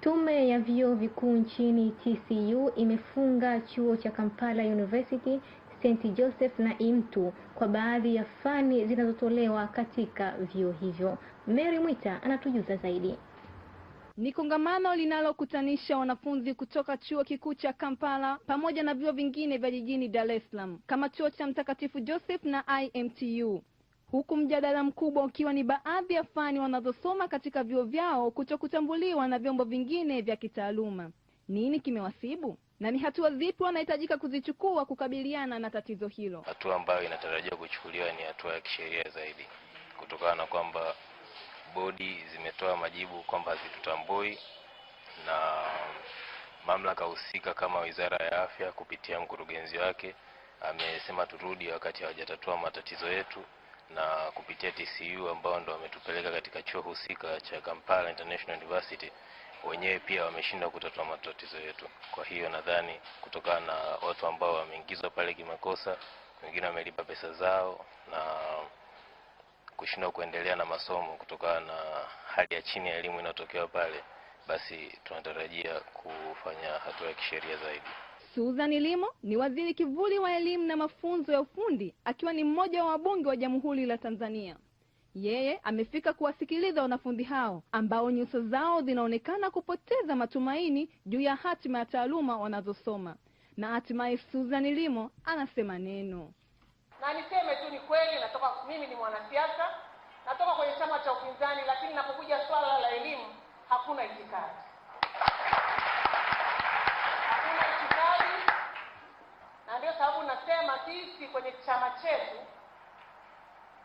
Tume ya vyuo vikuu nchini TCU imefunga chuo cha Kampala University, St Joseph na IMTU kwa baadhi ya fani zinazotolewa katika vyuo hivyo. Mary Mwita anatujuza zaidi. Ni kongamano linalokutanisha wanafunzi kutoka chuo kikuu cha Kampala pamoja na vyuo vingine vya jijini Dar es Salaam kama chuo cha Mtakatifu Joseph na IMTU huku mjadala mkubwa ukiwa ni baadhi ya fani wanazosoma katika vyuo vyao kuto kutambuliwa na vyombo vingine vya kitaaluma. Nini kimewasibu na ni hatua zipi wanahitajika kuzichukua kukabiliana na tatizo hilo? Hatua ambayo inatarajiwa kuchukuliwa ni hatua ya kisheria zaidi, kutokana na kwamba bodi zimetoa majibu kwamba hazitutambui na mamlaka husika kama Wizara ya Afya kupitia mkurugenzi wake amesema turudi wakati hawajatatua matatizo yetu na kupitia TCU ambao ndo wametupeleka katika chuo husika cha Kampala International University, wenyewe pia wameshindwa kutatua matatizo yetu. Kwa hiyo nadhani kutokana na watu ambao wameingizwa pale kimakosa, wengine wamelipa pesa zao na kushindwa kuendelea na masomo kutokana na hali ya chini ya elimu inayotokewa pale, basi tunatarajia kufanya hatua ya kisheria zaidi. Susan Limo ni waziri kivuli wa elimu na mafunzo ya ufundi akiwa ni mmoja wa wabunge wa Jamhuri la Tanzania. Yeye amefika kuwasikiliza wanafunzi hao ambao nyuso zao zinaonekana kupoteza matumaini juu ya hatima ya taaluma wanazosoma, na hatimaye Susan Limo anasema neno. Na niseme tu ni kweli, natoka mimi ni mwanasiasa, natoka kwenye chama cha upinzani, lakini napokuja swala la elimu hakuna itikadi Mageuzi kwenye chama chetu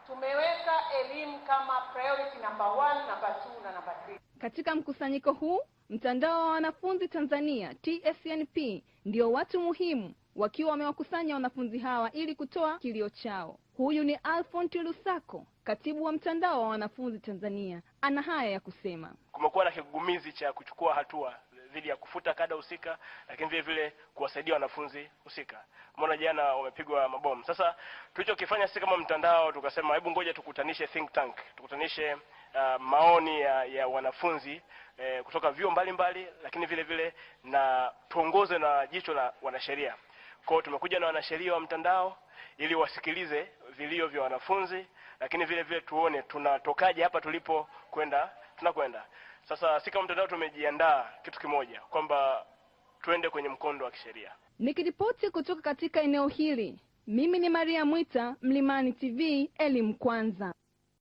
tumeweka elimu kama priority number one, number two na namba 3. Katika mkusanyiko huu mtandao wa wanafunzi Tanzania TSNP ndio watu muhimu wakiwa wamewakusanya wanafunzi hawa ili kutoa kilio chao. Huyu ni Alfon Lusako, katibu wa mtandao wa wanafunzi Tanzania, ana haya ya kusema. Kumekuwa na kigugumizi cha kuchukua hatua dhidi ya kufuta kada husika, lakini vile vile kuwasaidia wanafunzi husika. Mbona jana wamepigwa mabomu? Sasa tulichokifanya sisi kama mtandao tukasema, hebu ngoja tukutanishe think tank, tukutanishe uh, maoni ya, ya wanafunzi eh, kutoka vyuo mbalimbali, lakini vile vile na tuongoze na jicho la wanasheria. Kwao tumekuja na wanasheria wa mtandao ili wasikilize vilio vya wanafunzi, lakini vile vile tuone tunatokaje hapa tulipo kwenda tunakwenda sasa. Si kama mtandao, tumejiandaa kitu kimoja kwamba tuende kwenye mkondo wa kisheria. Nikiripoti kutoka katika eneo hili, mimi ni Maria Mwita, Mlimani TV, elimu kwanza.